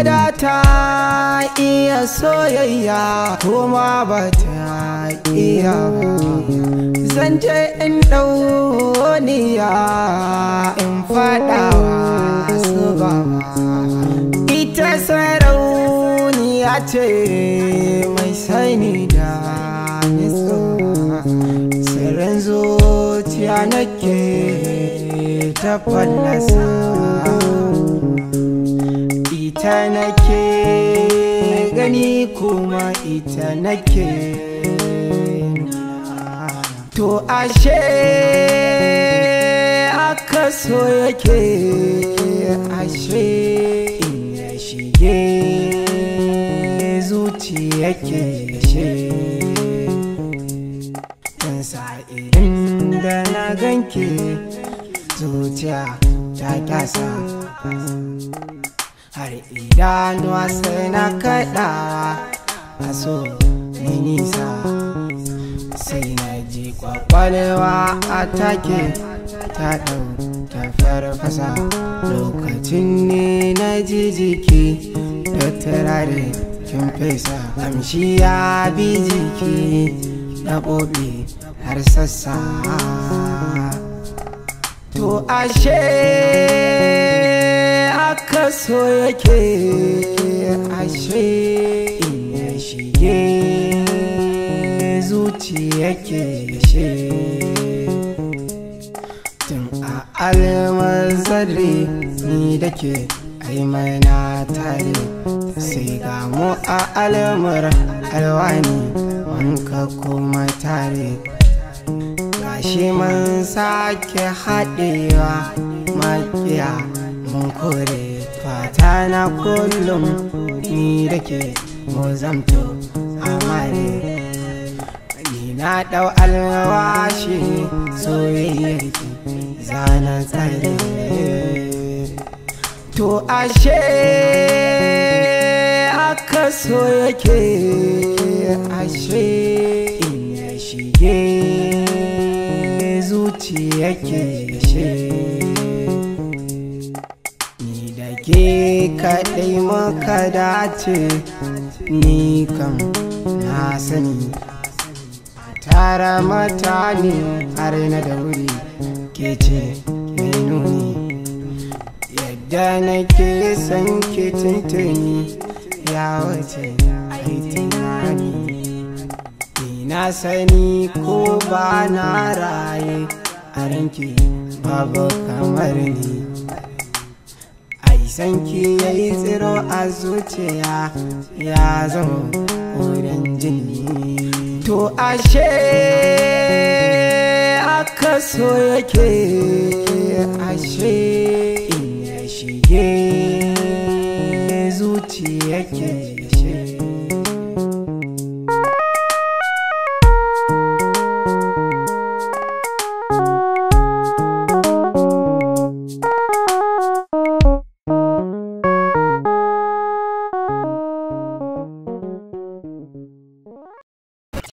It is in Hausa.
wadata iya soyayya kuma ba ta iya zan je in dauniya in fadawa su ba ita sarauniya ce mai sani da nisa sirrin zuciya nake ta fallasa ita nake gani kuma ita nake to ashe aka so yake ashe in ya shige zuci yake she sa irin da na ganke zuciya ta kasa. har idanuwa sai na kaɗa aso ni nisa sai na ji kwakwalewa a take ta ɗau ta farfasa lokacin ne na ji jiki da turare kin fesa amshi ya bi jiki na ɓoɓe har sassa to ashe so yake ashe ya shige zuci yake she tun a alamar zarri ni da ke aimana tare sai gamu a alamar alwani wanka kuma tare gashi man sake haɗewa makiya mun kore fata na kullum ni da ke mozamto amare ni na dau alwashi soyayyar ke zana tsare to ashe aka so yake ashe in ya shige zuciya ke shi ke kaɗai maka dace ni kan na sani tara ne har na wuri ke ce mai nuni yadda na ke san ke tuntuni ya wace na sani ko ba na raye a ranke babu kamar ni sanki ya yi tsiro a zuciya ya zama wurin jini to ashe aka so yake ashe in ya shige zuciya yake